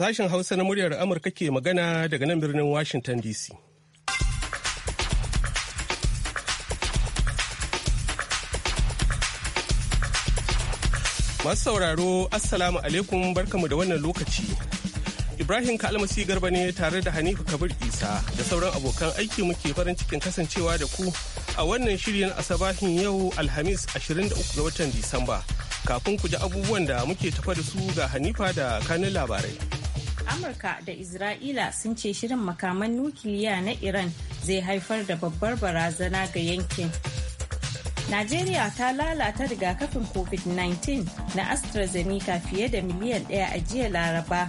Sashen Hausa na muryar Amurka ke magana daga nan birnin Washington DC. Masu sauraro, Assalamu alaikum barkamu da wannan lokaci. Ibrahim Kalmasi Garba ne tare da Hanifu Kabir Isa da sauran abokan aiki muke farin cikin kasancewa da ku a wannan shirin asabahin yau Alhamis 23 ga watan Disamba. Kafin ku ji abubuwan da muke tafa da su ga Hanifa da kanun labarai. Amurka da Isra'ila sun ce shirin makaman nukiliya na Iran zai haifar da babbar barazana ga yankin. Najeriya ta lalata rigakafin COVID-19 na AstraZeneca fiye da miliyan ɗaya a jiya Laraba.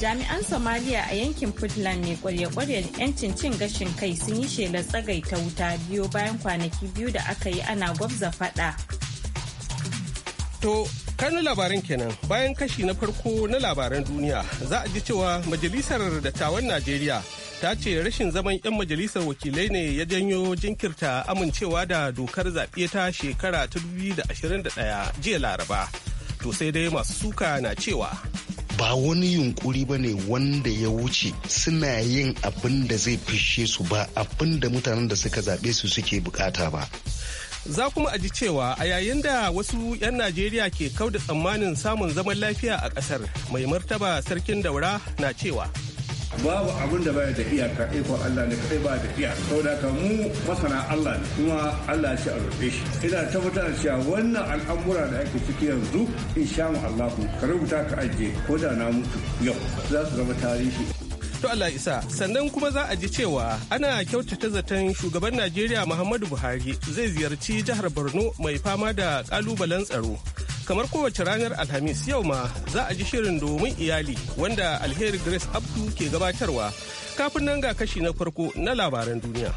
Jami'an Somalia a yankin Puntland mai kwarye-kwaryen 'yancin cin gashin kai sun yi shelar tsagai ta wuta biyo bayan kwanaki biyu da aka yi ana gwabza faɗa. To Kano labaran kenan bayan kashi na farko na labaran duniya za a ji cewa majalisar dattawan Najeriya ta ce rashin zaman 'yan majalisar wakilai ne ya janyo jinkirta amincewa da dokar zaɓe ta shekara ta ɗaya jiya laraba. To sai dai masu suka na cewa ba wani yunkuri ba ne wanda ya wuce suna yin abin da zai fishe su ba abin da mutanen da suka zaɓe su suke bukata ba. Za kuma a ji cewa a yayin da wasu 'yan Najeriya ke kauda tsammanin samun zaman lafiya a ƙasar mai martaba sarkin daura na cewa. babu abin da baya da iyaka iko Allah ne kai ba da iya saboda ka mu masana Allah ne kuma Allah shi a rufe shi ina tabbatar da cewa wannan al'amura da ake ciki yanzu in insha Allah ka rubuta ka ajiye ko da na mutu yau za su zama tarihi To Allah isa sannan kuma za a ji cewa ana kyautata zaton shugaban Najeriya Muhammadu Buhari zai ziyarci jihar Borno mai fama da kalubalen tsaro. Kamar kowace ranar Alhamis yau ma za a ji shirin domin iyali wanda alheri Grace Abdu ke gabatarwa kafin nan ga kashi na farko na labaran duniya.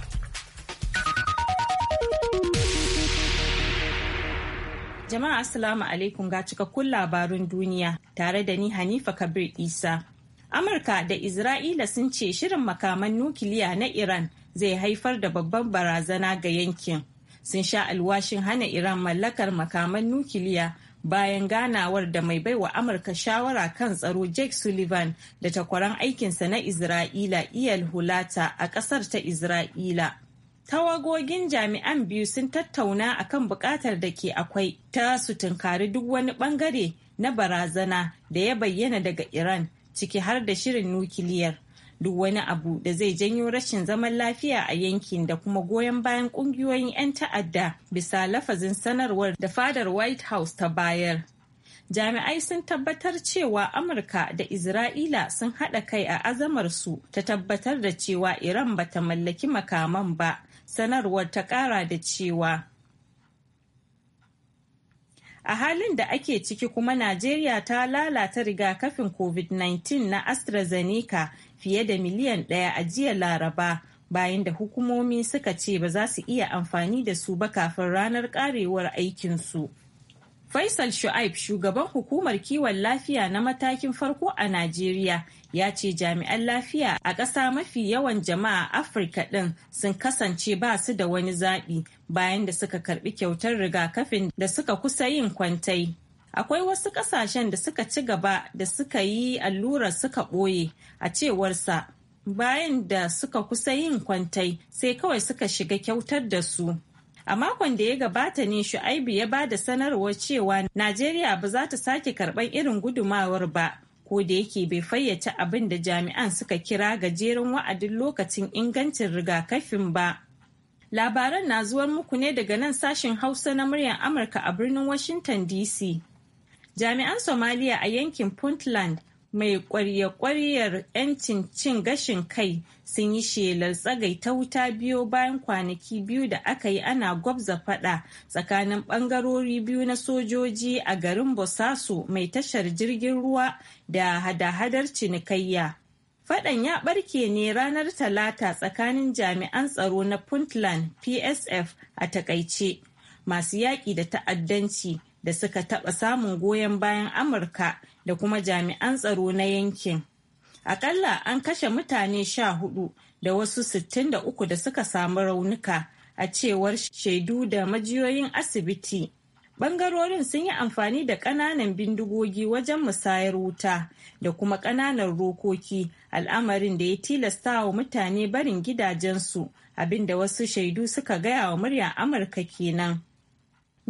Jama'a Assalamu alaikum ga cikakkun labarun duniya tare da ni Hanifa Kabir Isa. amurka da isra'ila sun ce shirin makaman nukiliya na iran zai haifar da babban barazana ga yankin sun sha alwashin hana iran mallakar makaman nukiliya bayan ganawar da mai baiwa amurka shawara kan tsaro jake sullivan da takwaran aikinsa na isra'ila iyal hulata a ƙasar ta isra'ila tawagogin jami'an biyu sun tattauna akan buƙatar da ke akwai ta su tunkari duk wani ɓangare na barazana da ya bayyana daga iran ciki har da shirin nukiliyar duk wani abu da zai janyo rashin zaman lafiya a yankin da kuma goyon bayan kungiyoyin 'yan ta'adda bisa lafazin sanarwar da fadar white house ta bayar jami'ai sun tabbatar cewa amurka da isra'ila sun haɗa kai a azamar su ta tabbatar da cewa iran ba ta mallaki makaman ba sanarwar ta ƙara da cewa A halin da ake ciki kuma Najeriya ta lalata rigakafin COVID-19 na AstraZeneca fiye da miliyan ɗaya a jiya Laraba bayan da hukumomi suka ce ba za su iya amfani da su ba kafin ranar karewar aikinsu. Faisal Shu'aib shugaban hukumar kiwon lafiya na matakin farko a Najeriya ya ce jami'an lafiya a ƙasa mafi yawan jama'a afirka ɗin sun kasance ba su da wani zaɓi bayan da suka karɓi kyautar rigakafin da suka kusa yin kwantai akwai wasu ƙasashen da suka ci gaba da suka yi allurar suka ɓoye a cewarsa bayan da suka kusa yin kwantai sai kawai suka shiga kyautar da su a makon da ya gabata ne shu'aibu ya ba da sanarwar cewa najeriya ba za ta sake karɓar irin gudumawar ba ko da yake bai fayyace abin da jami'an suka kira gajeren wa'adin lokacin ingancin rigakafin ba. Labaran na zuwar muku ne daga nan sashen Hausa na muryar Amurka a birnin Washington DC. Jami'an Somaliya a yankin Puntland mai kwarya-kwaryar 'yancin cin gashin kai sun yi shelar ta wuta biyu bayan kwanaki biyu da aka yi ana gwabza fada tsakanin bangarori biyu na sojoji a garin bosaso mai tashar jirgin ruwa da hada-hadar cinikayya Fadan ya barke ne ranar Talata tsakanin jami'an tsaro na Puntland PSF a takaice masu yaƙi da ta'addanci da suka taɓa samun goyon bayan Amurka da kuma jami'an tsaro na yankin. Akalla an kashe mutane sha hudu da wasu sittin da uku da suka samu raunuka a cewar shaidu da majiyoyin asibiti. Bangarorin sun yi amfani da ƙananan bindigogi wajen musayar wuta da kuma ƙananan rokoki al'amarin da ya tilasta wa mutane barin gidajensu abinda wasu shaidu suka gaya wa muryar Amurka kenan.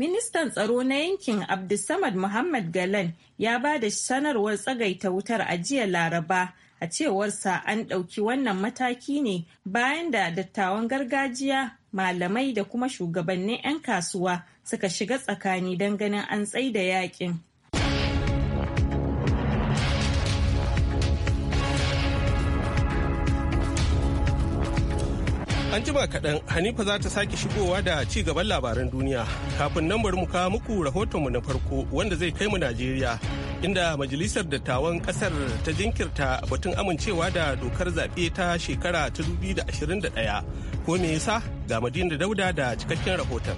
Ministan tsaro na yankin Abdulsamad Muhammad Galan ya ba da sanarwar tsagaita wutar a jiya Laraba a cewarsa an ɗauki wannan mataki ne bayan da dattawan gargajiya malamai da kuma shugabannin 'yan kasuwa suka shiga tsakani don ganin an tsaida yakin. An ba kaɗan Hanifa za ta sake shigowa da ci gaban labaran duniya. Kafin nan bari mu kawo muku rahotonmu na farko wanda zai kai mu Najeriya inda Majalisar Dattawan Ƙasar ta jinkirta batun amincewa da dokar zaɓe ta shekara ta 2021. Ko me yasa ga Madina Dauda da cikakken rahoton.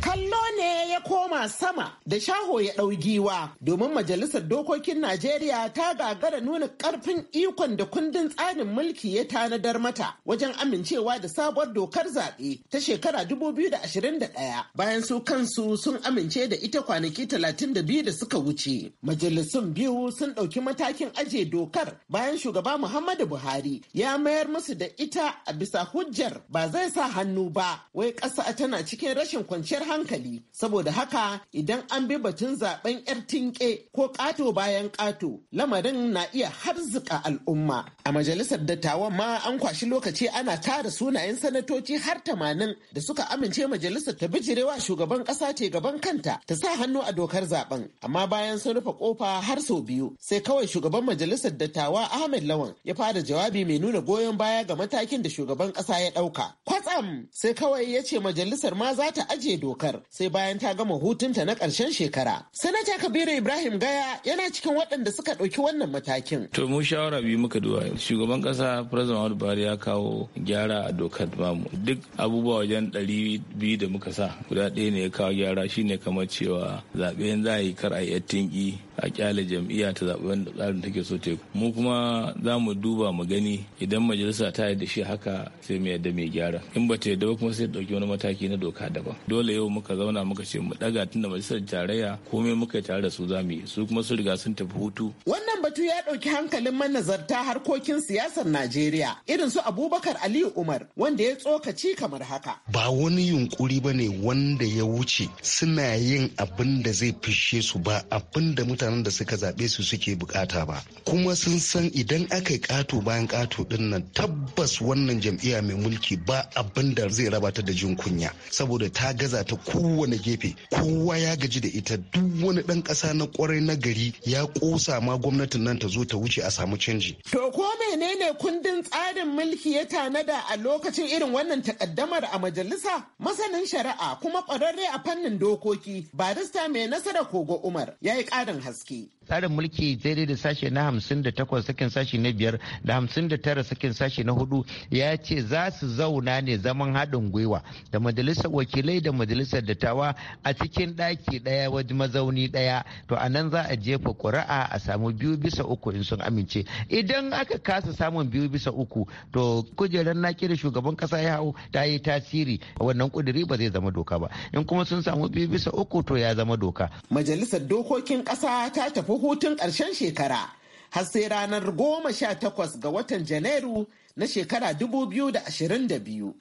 Kallo ne ya koma sama da shaho ya ɗau giwa domin majalisar dokokin Najeriya ta gagara nuna ƙarfin ikon da kundin tsarin mulki ya tanadar mata wajen amincewa da sabuwar dokar zaɓe ta shekara 2021 bayan su kansu sun amince da ita kwanaki 32 da suka wuce. Majalisun biyu sun ɗauki matakin ajiye dokar bayan shugaba Muhammadu Buhari ya mayar musu da ita a bisa hujjar ba zai sa hannu ba wai ƙasa tana cikin rashin kwanciyar hankali Saboda haka idan an bi batun zaben 'yar tinke ko ƙato bayan ƙato lamarin na iya harzika al'umma. A majalisar dattawan ma an kwashi lokaci ana tara sunayen sanatoci har tamanin da suka amince majalisar ta bijirewa shugaban ƙasa ce gaban kanta ta sa hannu a dokar zaben. Amma bayan sun rufe kofa har sau biyu sai kawai shugaban majalisar dattawa Ahmed Lawan ya fara jawabi mai nuna goyon baya ga matakin da shugaban ƙasa ya ɗauka. Kwatsam sai kawai ya ce majalisar ma za ta ajiye dokar sai bayan ta gama hutunta na ƙarshen shekara. Sanata Kabiru Ibrahim Gaya yana cikin waɗanda suka ɗauki wannan matakin. To mu shawara biyu muka duwa. shugaban ƙasa Firaza Muhammadu Buhari ya kawo gyara a dokar bamu duk abubuwa wajen ɗari biyu da muka sa guda ɗaya ne ya kawo gyara shine kamar cewa zaɓen za a yi kar a yi tinki a kyale jam'iyya ta zaɓi wanda tsarin take so teku mu kuma za mu duba mu gani idan majalisa ta yi da shi haka sai mu yadda mai gyara in ba ta yarda ba kuma sai ɗauki wani mataki na doka daban dole yau muka zauna yasa muka ce mu daga tunda majalisar tarayya komai muka yi tare da su zamu yi su kuma sun riga sun tafi hutu wannan batu ya ɗauki hankalin manazarta harkokin siyasar Najeriya irin su Abubakar Aliyu Umar wanda ya tsokaci kamar haka ba wani yunkuri bane wanda ya wuce suna yin abin da zai fishe su ba abin da mutanen da suka zaɓe su suke bukata ba kuma sun san idan aka yi ƙato bayan kato din nan tabbas wannan jam'iyya mai mulki ba abin da zai rabata da jin kunya saboda ta gaza ta kowane na gefe kowa ya gaji da ita duk wani ɗan ƙasa na kwarai na gari ya kosa ma gwamnatin nan ta zo ta wuce a samu canji. To ko menene kundin tsarin mulki ya tanada a lokacin irin wannan takaddamar a majalisa? Masanin shari'a kuma ƙwararre a fannin dokoki barista mai nasara kogo Umar ya yi ƙarin haske. tsarin mulki daidai da sashe na hamsin da takwas sakin sashe na biyar da hamsin da tara sakin sashe na hudu ya ce za su zauna ne zaman haɗin gwiwa da majalisar wakilai da majalisar dattawa a cikin ɗaki ɗaya wajen mazauni ɗaya to a nan za a jefa ƙuri'a a samu biyu bisa uku in sun amince idan aka kasa samun biyu bisa uku to kujerar naki da shugaban ƙasa ya hau ta yi tasiri wannan ƙuduri ba zai zama doka ba in kuma sun samu biyu bisa uku to ya zama doka majalisar dokokin ƙasa ta tafi tafi hutun ƙarshen shekara har sai ranar goma sha takwas ga watan Janairu na shekara dubu biyu da ashirin da biyu.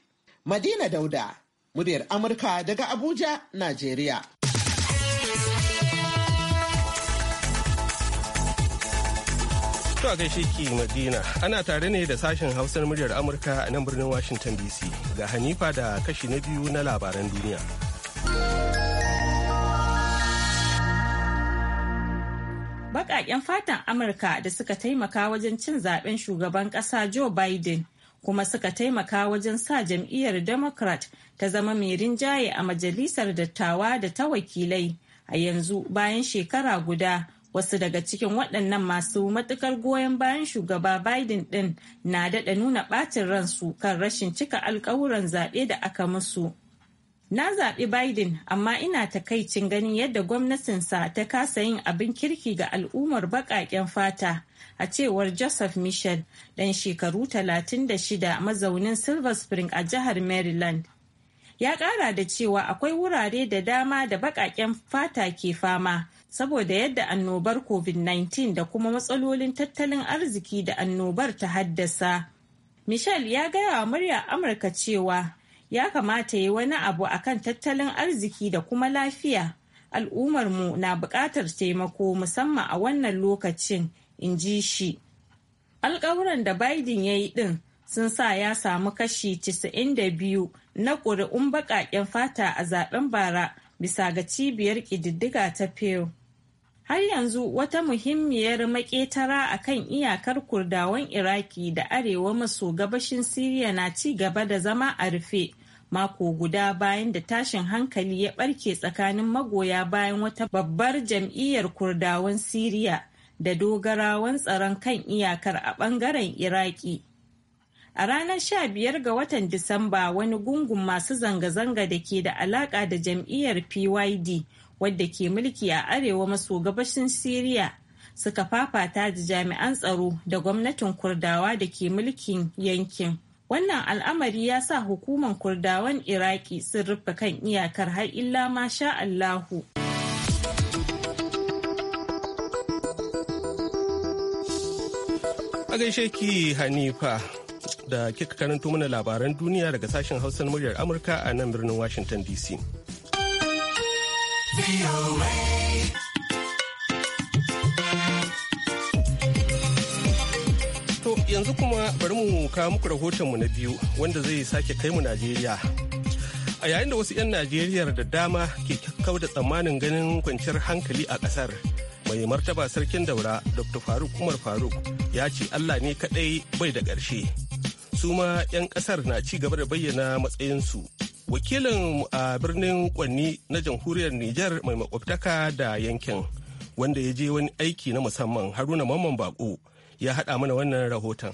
Madina Dauda, muryar Amurka daga Abuja, Najeriya. To a Madina, ana tare ne da sashen hausar muryar Amurka a nan birnin Washington DC ga Hanifa da kashi na biyu na labaran duniya. baƙaƙen fatan Amurka da suka taimaka wajen cin zaben shugaban ƙasa Joe Biden kuma suka taimaka wajen sa jam'iyyar Democrat ta zama mai rinjaye a majalisar dattawa da ta wakilai a yanzu bayan shekara guda wasu daga cikin waɗannan masu matukar goyon bayan shugaba Biden ɗin na daɗa nuna ɓacin ransu kan rashin cika alkawuran zaɓe da aka musu. Na zaɓi Biden amma ina takaicin ganin yadda gwamnatinsa ta kasa yin abin kirki ga al'ummar baƙaƙen fata a cewar Joseph Michel ɗan shekaru 36 mazaunin Silver Spring a jihar Maryland. Ya ƙara da cewa akwai wurare da dama da baƙaƙen fata ke fama saboda yadda annobar COVID-19 da kuma matsalolin tattalin arziki da annobar ta haddasa. Michelle ya gaya wa murya Amurka cewa ya kamata ya wani abu akan tattalin arziki da kuma lafiya mu na buƙatar taimako musamman a wannan lokacin in ji shi alkawuran da biden ya yi ɗin sun sa ya samu kashi 92 na ƙuri'un baƙaƙen fata a zaben bara bisa ga cibiyar ƙididdiga ta pew har yanzu wata muhimmiyar maƙetara a kan iyakar kurdawan iraki da arewa maso gabashin siriya na ci gaba da zama a rufe mako guda bayan da tashin hankali ya barke tsakanin magoya bayan wata babbar jam'iyyar kurdawan siriya da dogarawan tsaron kan iyakar a bangaren iraki a ranar 15 ga watan disamba wani gungun masu zanga-zanga da ke da alaka da jam'iyyar pyd wadda ke mulki a arewa maso gabashin siriya suka fafata da jami'an tsaro da gwamnatin kurdawa da ke mulkin yankin wannan al'amari ya sa hukuman kurdawan iraki sun rufe kan iyakar har illa ma sha allahu a gaishe ki hanifa da kika karanto mana labaran duniya daga sashen hausan muryar amurka a nan birnin washington dc. yanzu kuma bari mu kawo muku rahotonmu na biyu wanda zai sake kai mu Najeriya. A yayin da wasu 'yan Najeriya da dama ke kau da tsammanin ganin kwanciyar hankali a ƙasar. Mai martaba sarkin daura Dr. Faruk Umar Faruk ya ce Allah ne kaɗai bai da ƙarshe. Su ma 'yan ƙasar na ci gaba da bayyana matsayinsu. Wakilin a birnin Kwanni na jamhuriyar Nijar mai makwabtaka da yankin wanda ya je wani aiki na musamman Haruna Mamman Bako ya haɗa mana wannan rahoton.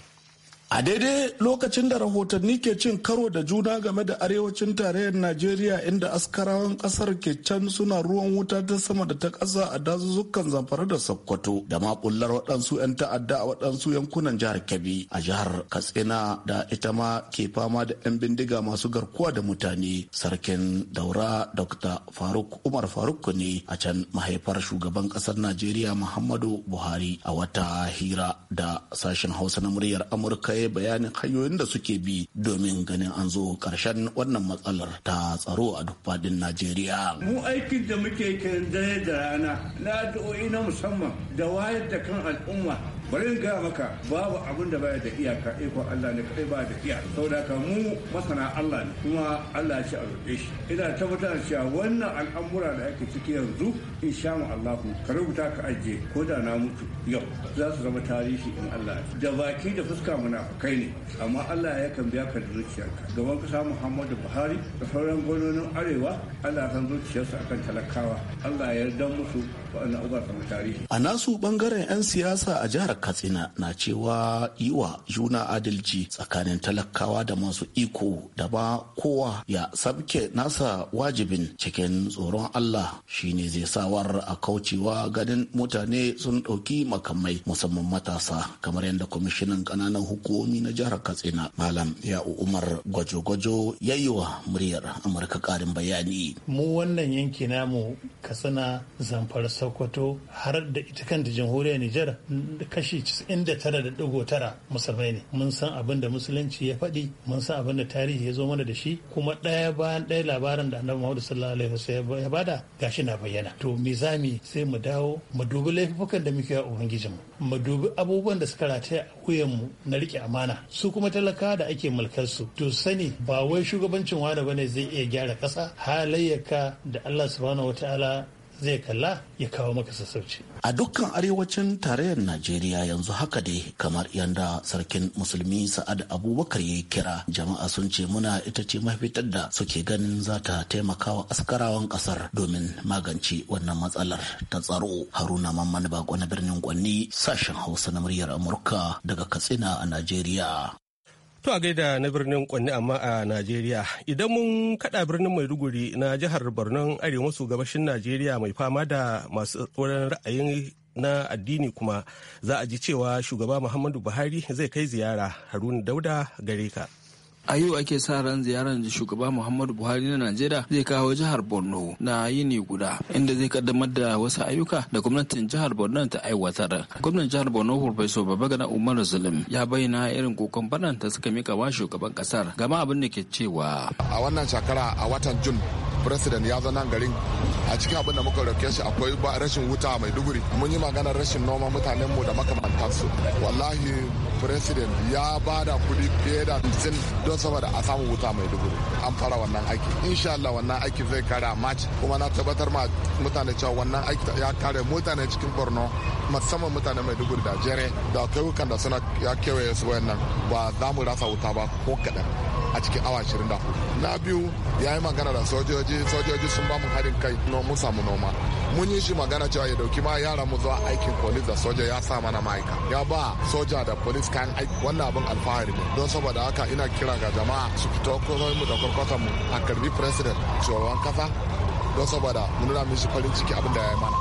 A daidai lokacin da rahotanni ke cin karo da juna game da arewacin tarayyar Najeriya inda askarawan kasar ke can suna ruwan wuta ta sama da ta ƙasa a dazuzzukan zamfara da Sokoto da makullar waɗansu 'yan ta'adda a waɗansu yankunan jihar Kebbi a jihar Katsina da ita ma ke fama da 'yan bindiga masu garkuwa da mutane. Sarkin Daura Dr. Faruk Umar Faruk ne a can mahaifar shugaban ƙasar Najeriya Muhammadu Buhari a wata hira da sashen Hausa na muryar Amurka yi bayanin hanyoyin da suke bi domin ganin an zo karshen wannan matsalar ta tsaro a duk fadin Najeriya. Mu aikin da muke kan dare da rana na addu'o'i na musamman da wayar da kan al'umma bari ga maka babu abin da baya da iyaka iko Allah ne kai ba da iyaka saboda ka mu masana Allah ne kuma Allah shi a roƙe shi ina tabbatar cewa wannan al'amura da ake ciki yanzu in sha mu Allah ka rubuta ka ajiye ko da na mutu yau za su zama tarihi in Allah da baki da fuska muna kai ne amma Allah ya kan biya ka da zuciyarka gaban kusa Muhammadu Buhari da sauran gwamnonin Arewa Allah ya san zuciyarsu akan talakawa Allah ya yarda musu A nasu bangaren 'yan siyasa a jihar Katsina na cewa yi wa juna adalci tsakanin talakawa da masu iko da ba kowa ya sabke nasa wajibin cikin tsoron Allah shine zai sawar a kaucewa ganin mutane sun ɗauki makamai musamman matasa kamar yadda kwamishinan ƙananan hukumomi na jihar Katsina Malam ya Umar Gwajo-Gwajo ya yi wa muryar Amurka ƙarin bayani. Mu wannan yanki namu Katsina zamfar sau sokoto har da ita kanta jamhuriyar nijar kashi 99.9 musulmai ne mun san abin da musulunci ya faɗi mun san abin da tarihi ya zo mana da shi kuma ɗaya bayan ɗaya labarin da annabi muhammadu sallallahu alaihi wasallam ya bada gashi na bayyana to me zami sai mu dawo mu dubi laifukan da muke a ubangijin mu mu dubi abubuwan da suka rataya a mu na riƙe amana su kuma talaka da ake mulkar su to sani ba wai shugabancin wani bane zai iya gyara ƙasa halayyaka da Allah subhanahu wataala zai kalla ya kawo maka sassauci. A dukkan arewacin tarayyar Najeriya yanzu haka dai kamar yanda sarkin musulmi Sa'ad Abubakar ya kira jama'a sun ce muna ita ce mafitar da suke ganin za ta taimaka wa askarawan kasar domin magance wannan matsalar ta tsaro. Haruna Mamman Bako na birnin Gwanni sashen Hausa na muryar Amurka daga Katsina a Najeriya. To a gaida na birnin kwanne amma a Najeriya idan mun kada birnin Maiduguri na jihar Borno arewa maso gabashin Najeriya mai fama da masu tsoron ra'ayin na addini kuma za a ji cewa shugaba Muhammadu Buhari zai kai ziyara Haruna Dauda gare ka. a yau ake sa ran ziyarar da shugaba muhammadu buhari na najeriya zai kawo jihar borno na yini guda inda zai kaddamar da wasu ayyuka da gwamnatin jihar borno ta aiwatar gwamnan jihar borno farfesa babagana umaru zulum ya bayyana irin kokon banan ta suka mika wa shugaban kasar gama abin da ke cewa a wannan shekara a watan jun president ya zo nan garin a cikin abin da muka roke shi akwai rashin wuta mai duguri mun yi maganar rashin noma mutanen mu da makamantansu wallahi president ya ba da kuɗi fiye da hamsin don saboda a samu wuta mai duguri. an fara wannan aiki insha Allah wannan aiki zai kare match kuma na tabbatar ma mutane cewa wannan aiki ya kare mutane cikin Borno musamman mutane mai duguri da jere da kauyukan da suna ya kewaye su wayannan ba za mu rasa wuta ba ko kaɗan a cikin awa 24 na biyu ya yi magana da sojoji sojoji sojoji sun bamu harin kai no mun samu noma mun yi shi magana cewa ya dauki ma yara mu zuwa aikin polis da soja ya sa mana ma'aika ya ba soja da polis kayan aiki wannan abin alfahari ne don saboda haka ina kira ga jama'a su fito mu da kwarkwatan mu a karbi president shugaban kasa don saboda mu nuna shi farin ciki abin da ya yi mana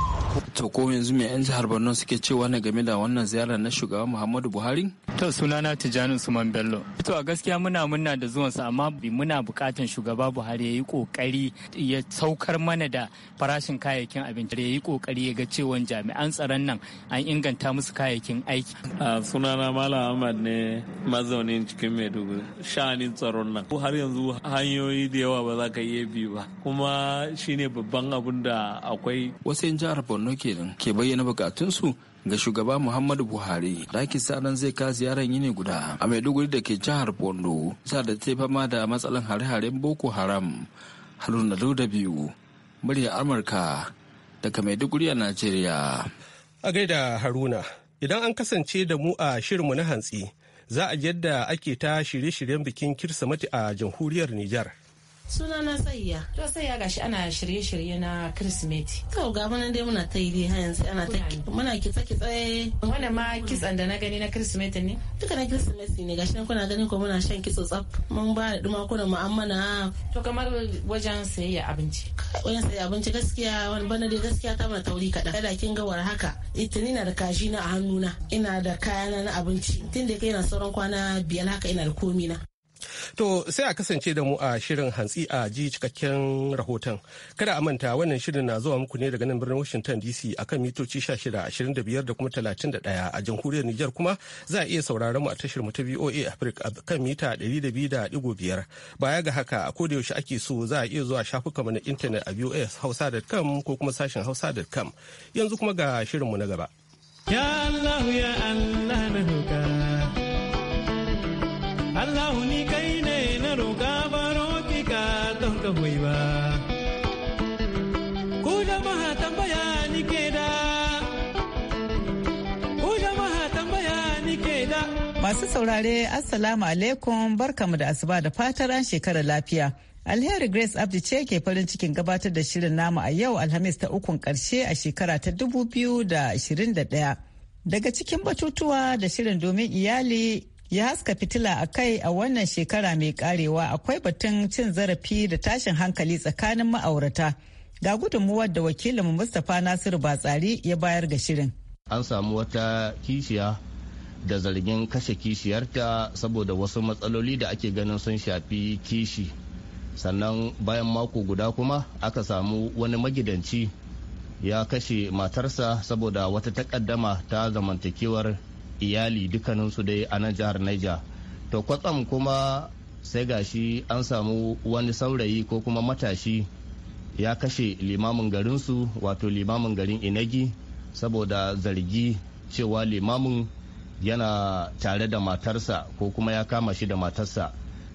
to ko yanzu me yan jihar Borno suke cewa ne game da wannan ziyarar na shugaban Muhammadu Buhari To sunana Tijjani Usman Bello. To a gaskiya muna muna da zuwansa amma muna bukatan shugaba Buhari ya yi kokari ya saukar mana da farashin kayayyakin abinci ya yi kokari ya ga cewa jami'an tsaron nan an inganta musu kayayyakin aiki. A sunana Malam Ahmad ne mazaunin cikin Maiduguri sha'anin tsaron nan. Har yanzu hanyoyi da yawa ba za ka iya bi ba kuma shine babban abun da akwai. Wasu 'yan jihar Borno kenan ke bayyana bukatunsu ga shugaba Muhammadu Buhari. Daki sa'adan zai ka ziyarar yini guda a Maiduguri da ke jihar Bondo, sa da ta fama da matsalan hare-haren Boko Haram. Haruna Dauda biyu, murya Amurka daga Maiduguri a Najeriya. A gaida Haruna, idan an kasance da mu a shirinmu na hantsi, za a yadda ake ta shirye-shiryen bikin Kirsimeti a jamhuriyar Nijar. suna na tsayya to tsayya gashi ana shirye-shirye na kirsimeti to ga mana dai muna ta yi dai har yanzu ana ta muna kitsa kitsa Wane ma kitsan da na gani na kirsimeti ne duka na kirsimeti ne gashi nan kuna gani ko muna shan kitso tsaf mun ba da duma kuna mu'amala to kamar wajen sayayya abinci wajen sayayya abinci gaskiya wani bana dai gaskiya ta mana tauri kaɗan kada kin ga war haka itini na da kashi na a hannuna ina da kayana na abinci tun da kai na sauran kwana biyar haka ina da komi na To sai a kasance da mu a shirin hantsi a ji cikakken rahoton. Kada a manta wannan shirin na zuwa muku ne daga nan birnin Washington DC akan mitoci 16, 25 da kuma 31 a jamhuriyar Nijar kuma za a iya sauraron mu a tashar mu ta VOA Africa a kan mita 200.5. Baya ga haka a koda yaushe ake so za a iya zuwa shafukan mu na intanet a voahausa.com ko kuma sashen hausa.com. Yanzu kuma ga shirin mu na gaba. Ya Allah ya Allah na Allah ni na roƙa baro don ka hoyi ba. Ku jama'a tambaya ni ke da, ku jama'a tambaya ni ke da. Masu saurare, Assalamu alaikum barkamu da asuba da fatar an shekarar lafiya. Alheri Grace Abdi ce ke farin cikin gabatar da shirin namu a yau Alhamis ta ukun karshe a shekara ta 2021. Daga cikin batutuwa da shirin domin iyali ya haska fitila a kai a wannan shekara mai karewa akwai batun cin zarafi da tashin hankali tsakanin ma'aurata ga gudunmuwar da wakilin mustapha nasiru batsari ya bayar ga shirin an samu wata kishiya da zargin kashe kishiyarta saboda wasu matsaloli da ake ganin sun shafi kishi sannan bayan mako guda kuma aka samu wani magidanci ya kashe matarsa saboda wata takaddama ta zamantakewar iyali dukkaninsu dai a nan jihar Niger. To kwatsam kuma sai gashi an samu wani saurayi ko kuma matashi ya kashe limamin garinsu wato limamin garin Inagi saboda zargi cewa limamin yana tare da matarsa ko kuma ya kama shi da matarsa.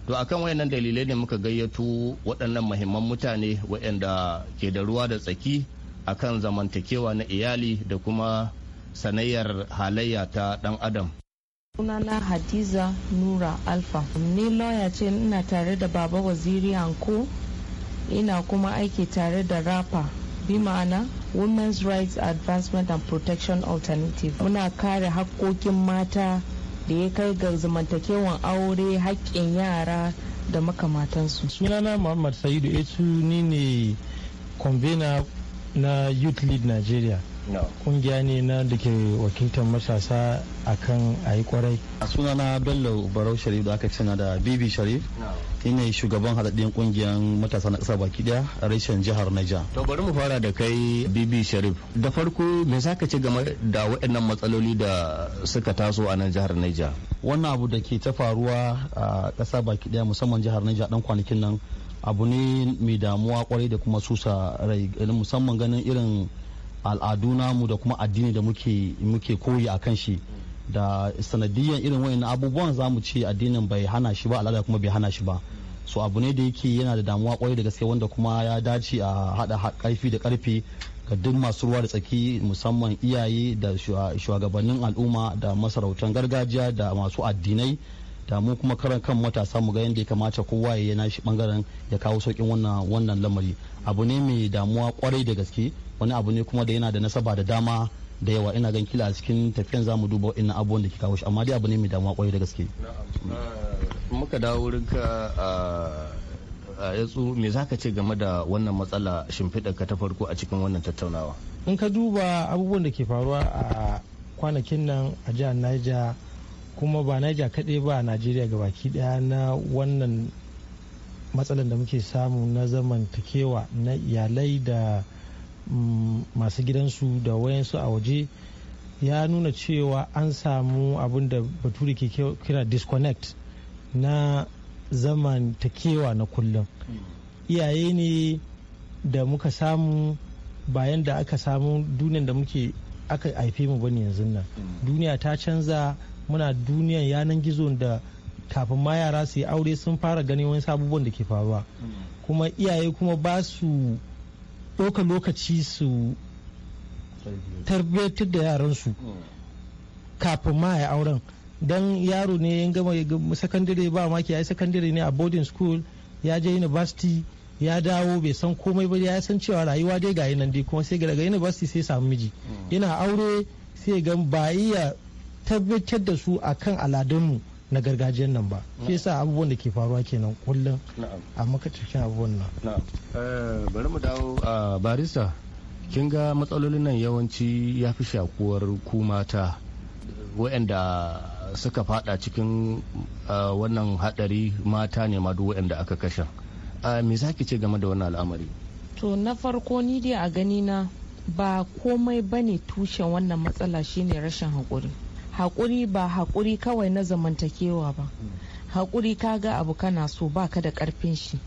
to akan wayannan dalilai ne muka gayyato waɗannan mahimman mutane waɗanda ke da ruwa da tsaki akan zamantakewa na iyali da kuma sanayyar halayya ta dan adam sunana hadiza nura alfa ni lawyer ce ina tare da baba waziri anko ina kuma aiki tare da rapa bi ma'ana women's rights advancement and protection alternative muna kare hakkokin mata da ya kai ga zamantakewan aure haƙƙin yara da makamatansu sunana muhammad sa'idu etu ni ne convener na youth lead nigeria kungiya ne na da ke wakiltar matasa akan a yi kwarai a sunana bello barau sharif da aka cina da bibi sharif ne shugaban haɗaɗɗen kungiyar matasa na ƙasa baki ɗaya a reshen jihar naija to bari mu fara da kai bibi sharif da farko me za ka ce game da waɗannan matsaloli da suka taso a nan jihar naija wannan abu da ke ta faruwa a ƙasa baki ɗaya musamman jihar naija ɗan kwanakin nan abu ne mai damuwa kwarai da kuma susa rai musamman ganin irin al'adu namu da kuma addini da muke koyi a kan shi da sanadiyan irin wayannan abubuwan za mu ce addinin bai hana shi ba al'ada kuma bai hana shi ba so abu ne da yake yana da damuwa kwarai da gaske wanda kuma ya dace a hada karfi da karfi ga duk masu ruwa da tsaki musamman iyaye da shugabannin al'umma da masarautan gargajiya da masu addinai da mu kuma karan kan matasa mu ga yadda ya kamata kowa ya yi nashi bangaren ya kawo saukin wannan lamari abu ne mai damuwa kwarai da gaske wani abu ne kuma da yana da nasaba da dama da yawa ina gan kila a cikin tafiyan zamu duba na abubuwan da ke kawo shi amma dai abu ne mai damuwa kwarai da gaske muka dawo ka a yatsu me za ka ce game da wannan matsala shimfiɗa ka ta farko a cikin wannan tattaunawa in ka duba abubuwan da ke faruwa a kwanakin nan a jihar niger kuma ba niger kaɗai ba a najeriya gabaki ɗaya na wannan matsalan da muke samu na zamantakewa na iyalai da Mm, masu gidansu da wayansu a waje ya nuna cewa an samu abin da bature ke kira disconnect na zamantakewa na kullum iyaye ne da muka samu bayan da aka samu duniyan da muke aka haife mu bane yanzu nan duniya ta canza muna duniyan yanan gizo da kafin ma yara su yi aure sun fara ganin wani sabubuwan da ke faruwa kuma iyaye kuma ba su ɗauka lokaci su tarbiyyar da yaransu kafin ma ya auren don yaro ne ya gama sakandare ba maki ya yi sakandare ne a boarding school ya je university ya dawo bai san komai ba ya san cewa rayuwa dai ga nan dai kuma sai daga university sai samu miji mm. yana aure sai ga ba iya tabbatar da su akan aladunmu na gargajiyar nan ba shi yasa abubuwan da ke faruwa kenan kullum a makatakin abubuwan nan eh, bari mu dawo a barista kin ga matsalolin nan yawanci ya fi shakuwar ku mata waɗanda suka fada cikin wannan hadari mata ne ma duk aka kashe me za ki ce game da wannan al'amari to na farko ni dai a gani na ba komai bane tushen wannan matsala shine rashin haƙuri haƙuri ba haƙuri kawai na zamantakewa ba haƙuri ka ga abu kana so baka da ƙarfin shi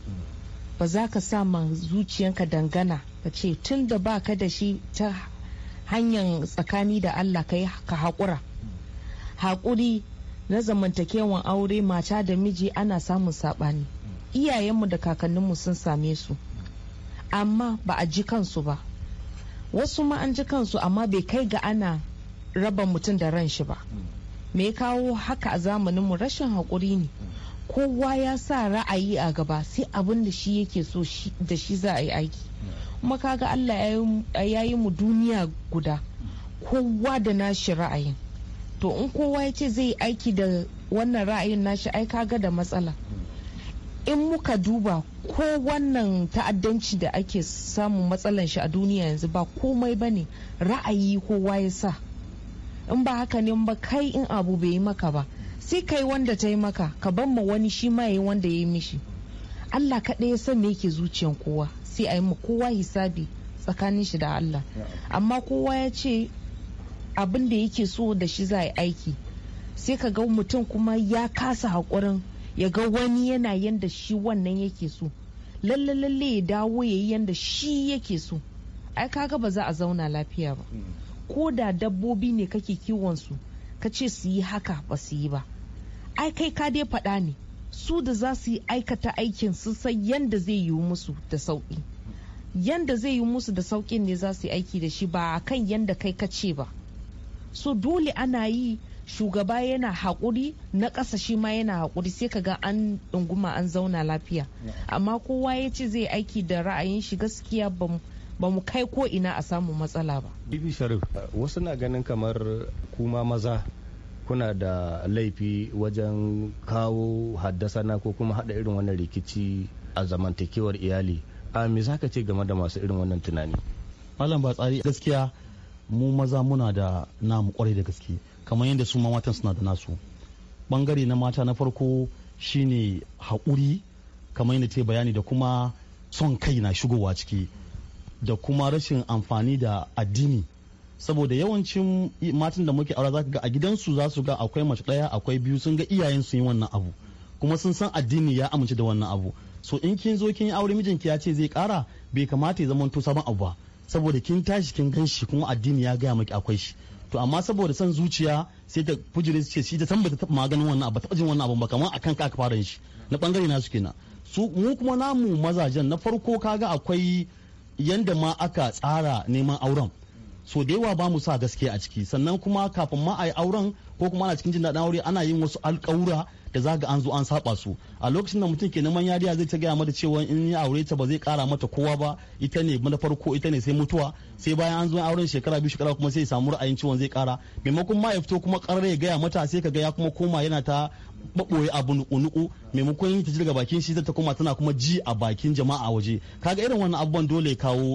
ba za ka sa ma zuciyanka dangana ka ce tun da baka da shi ta hanyar tsakani da allah ka yi ka haƙura haƙuri na zamantakewan aure mata da miji ana samun saɓani iyayenmu da kakanninmu sun same su amma ba a ji kansu ba wasu ma an ji kansu amma bai kai ga ana raba mutum da ran shi ba me ya kawo haka a zamaninmu rashin haƙuri ne kowa ya sa ra'ayi a gaba sai abin da shi yake so da shi za a yi aiki kuma kaga Allah ya yi mu duniya guda kowa da nashi ra'ayin to in kowa ya ce zai yi aiki da wannan ra'ayin nashi ai kaga da matsala in muka duba ko wannan ta'addanci da ake samun matsalan shi a duniya yanzu ba komai bane ra'ayi kowa ya sa in ba haka ne ba kai in abu bai yi maka ba sai kai wanda ta yi maka ka ban ma wani shi ma yi wanda ya yi mishi Allah kaɗai ya san me yake zuciyan kowa sai a yi ma kowa hisabi tsakanin shi da Allah amma kowa ya ce abin da yake so da shi za a yi aiki sai ka ga mutum kuma ya kasa haƙurin ya ga wani yana yanda shi wannan yake so lalle lalle ya dawo ya yi yanda shi yake so ai kaga ba za a zauna lafiya ba ko da dabbobi ne kake kiwon su ka ce su yi haka ba su yi ba ai kai ka dai faɗa ne su da za su yi aikata aikin su san yanda zai yi musu da sauƙi yanda zai yi musu da sauƙin ne za su yi aiki da shi ba kan yanda kai ka ce ba so dole ana yi shugaba yana haƙuri na ƙasa shi ma yana haƙuri sai ka ga an ɗunguma an zauna lafiya amma kowa ya ce zai aiki da ra'ayin shi gaskiya ba ba mu kai ko ina a samu matsala ba. Bibi Sharif, uh, wasu na ganin kamar kuma maza kuna da laifi wajen kawo haddasana ko kuma hada irin wannan rikici a zamantakewar iyali. A me za ka ce game da masu irin wannan tunani? Malam ba tsari gaskiya mu maza muna da namu kwarai da gaske kamar yadda su matan suna da nasu. Bangare na mata na farko shine haƙuri kamar yadda ce bayani da kuma son kai na shigowa ciki. da kuma rashin amfani da addini saboda yawancin matan da muke aura zaka ga a gidansu za su ga akwai mace daya akwai biyu sun ga iyayen su yi wannan abu kuma sun san addini ya amince da wannan abu so in kin zo kin yi aure mijinki ya ce zai kara bai kamata ya zamanto sabon abu ba saboda kin tashi kin gan shi kuma addini ya gaya maki akwai shi to amma saboda san zuciya sai ta fujire ce shi ta san ta taba maganin wannan abu ta jin wannan abu ba kamar akan ka aka fara shi na bangare na su kenan su mu kuma namu mazajen na farko kaga akwai yanda ma aka tsara neman auren so da yawa ba mu sa gaske a ciki sannan kuma kafin ma a yi auren ko kuma ana cikin jin daɗin aure ana yin wasu alƙawura da za ga an zo an saba su a lokacin da mutum ke neman yariya zai ta gaya mata cewa in ya aure ta ba zai kara mata kowa ba ita ne na farko ita ne sai mutuwa sai bayan an zo auren shekara biyu shekara kuma sai samu ra'ayin ciwon zai kara maimakon ma ya fito kuma karar ya gaya mata sai ka ga ya kuma koma yana ta baboye abu nuku-nuku maimakon yin ta bakin shi ta koma tana kuma ji a bakin jama'a waje kaga irin wannan abubuwan dole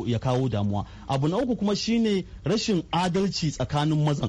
ya kawo damuwa abu na uku kuma shine rashin adalci tsakanin mazan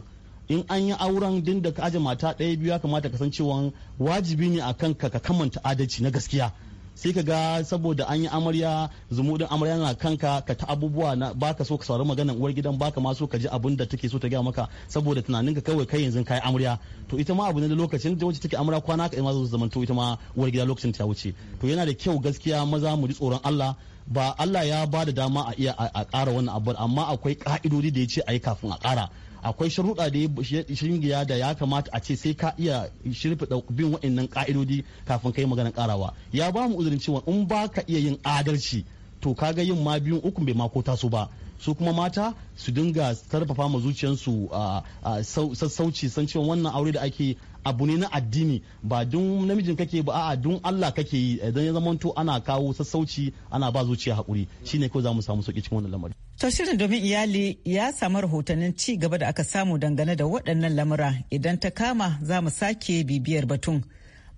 in an yi auren din da ka aje mata ɗaya biyu ya kamata ka san cewa wajibi ne a kanka ka kamanta adalci na gaskiya sai ka ga saboda an yi amarya zumudin amarya na kanka ka ta abubuwa na baka so ka saurari maganar uwar gidan baka ma so ka ji abin da take so ta gaya maka saboda tunanin ka kawai kai yanzu kai amarya to ita ma abu ne da lokacin da wacce take amarya kwana ka ima zo zaman to ita ma uwar gida lokacin ta wuce to yana da kyau gaskiya maza mu ji tsoron Allah ba Allah ya ba da dama a iya a ƙara wannan abu amma akwai ka'idodi da ya ce a yi kafin a ƙara akwai sharuɗa da ya da ya kamata a ce sai ka iya shirfiɗa bin waɗannan ƙa'idodi kafin ka yi maganar karawa ya ba mu uzurin cewa in ba ka iya yin adalci to ka ga yin ma biyun uku bai makota su ba su kuma mata su dinga sarfafa ma zuciyarsu a sassauci san cewa wannan aure da ake abu ne na addini ba dun namijin kake ba a'a dun Allah kake yi idan ya zamanto ana kawo sassauci ana ba zuciya hakuri shine kawai zamu samu sauki cikin wannan lamarin to shirin domin iyali ya samu rahotannin ci gaba da aka samu dangane da waɗannan lamura idan ta kama za mu sake bibiyar batun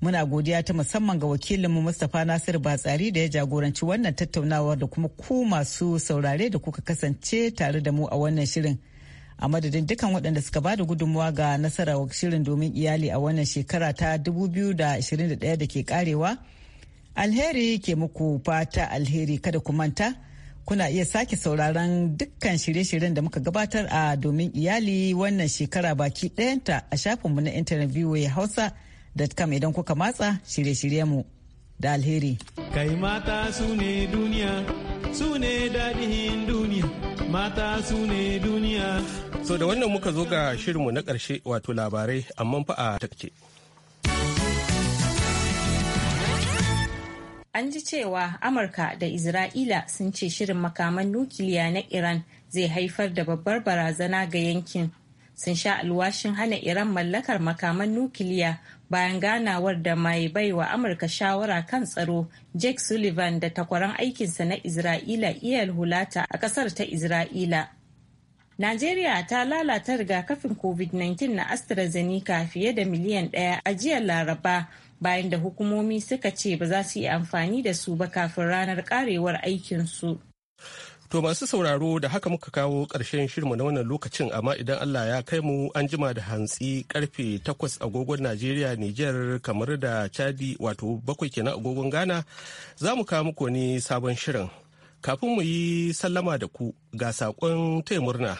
muna godiya ta musamman ga wakilinmu mustapha nasir batsari da ya jagoranci wannan tattaunawar da kuma ku masu saurare da kuka kasance tare da mu a wannan shirin a madadin dukkan waɗanda suka ba da gudunmawa ga nasarar shirin domin iyali a wannan shekara ta 2021 da ke karewa alheri ke muku fata alheri kada ku manta kuna iya sake sauraron dukkan shirye-shiryen da muka gabatar a domin iyali wannan shekara baki ɗayanta a shafinmu na intanet voa hausa.com idan kuka matsa shirye-shiryenmu da alheri kai mata su ne duniya su ne daɗin duniya mata su ne duniya. So da wannan muka zo ga shirinmu na ƙarshe wato labarai amma fa a takce. An ji cewa Amurka da Isra'ila sun ce shirin makaman nukiliya na Iran zai haifar da babbar barazana ga yankin. Sun sha alwashin hana Iran mallakar makaman nukiliya bayan ganawar da mai baiwa amurka shawara kan tsaro jake sullivan da takwaran aikinsa na isra'ila iyal hulata a kasar ta isra'ila Najeriya ta lalata rigakafin COVID-19 na AstraZeneca fiye da miliyan ɗaya a jiya Laraba bayan da hukumomi suka ce ba za su yi amfani da su ba kafin ranar karewar aikinsu. To masu sauraro da haka muka kawo ƙarshen shirmu na wannan lokacin amma idan Allah ya kai mu an jima da hantsi karfe takwas agogon Najeriya, Nijar, kamar da Chadi wato bakwai kenan agogon Ghana za mu kawo muku ne sabon shirin. Kafin mu yi sallama da ku ga saƙon taya murna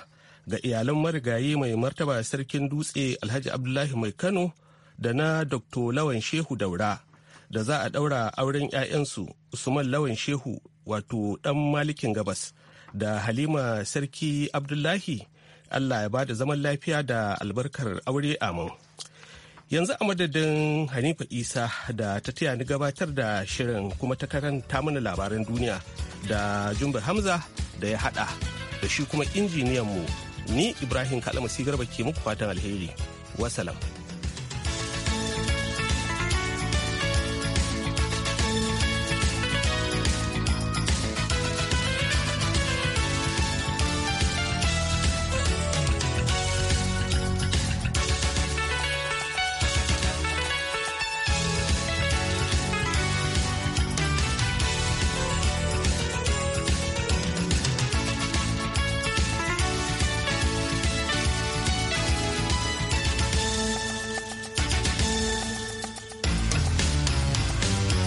ga iyalan marigayi mai martaba sarkin dutse Alhaji Abdullahi Mai Kano da na Dr. Lawan Shehu Daura da za a ɗaura auren 'ya'yansu Usman Lawan Shehu wato ɗan malikin gabas da halima sarki abdullahi allah ya ba da zaman lafiya da albarkar aure amin yanzu a madadin hanifa isa da ta taya ni gabatar da shirin kuma ta karanta mana labaran duniya da jumbe hamza da ya hada da shi kuma injiniyan mu ni ibrahim kalamasi garba ke muku fatan alheri wasalam.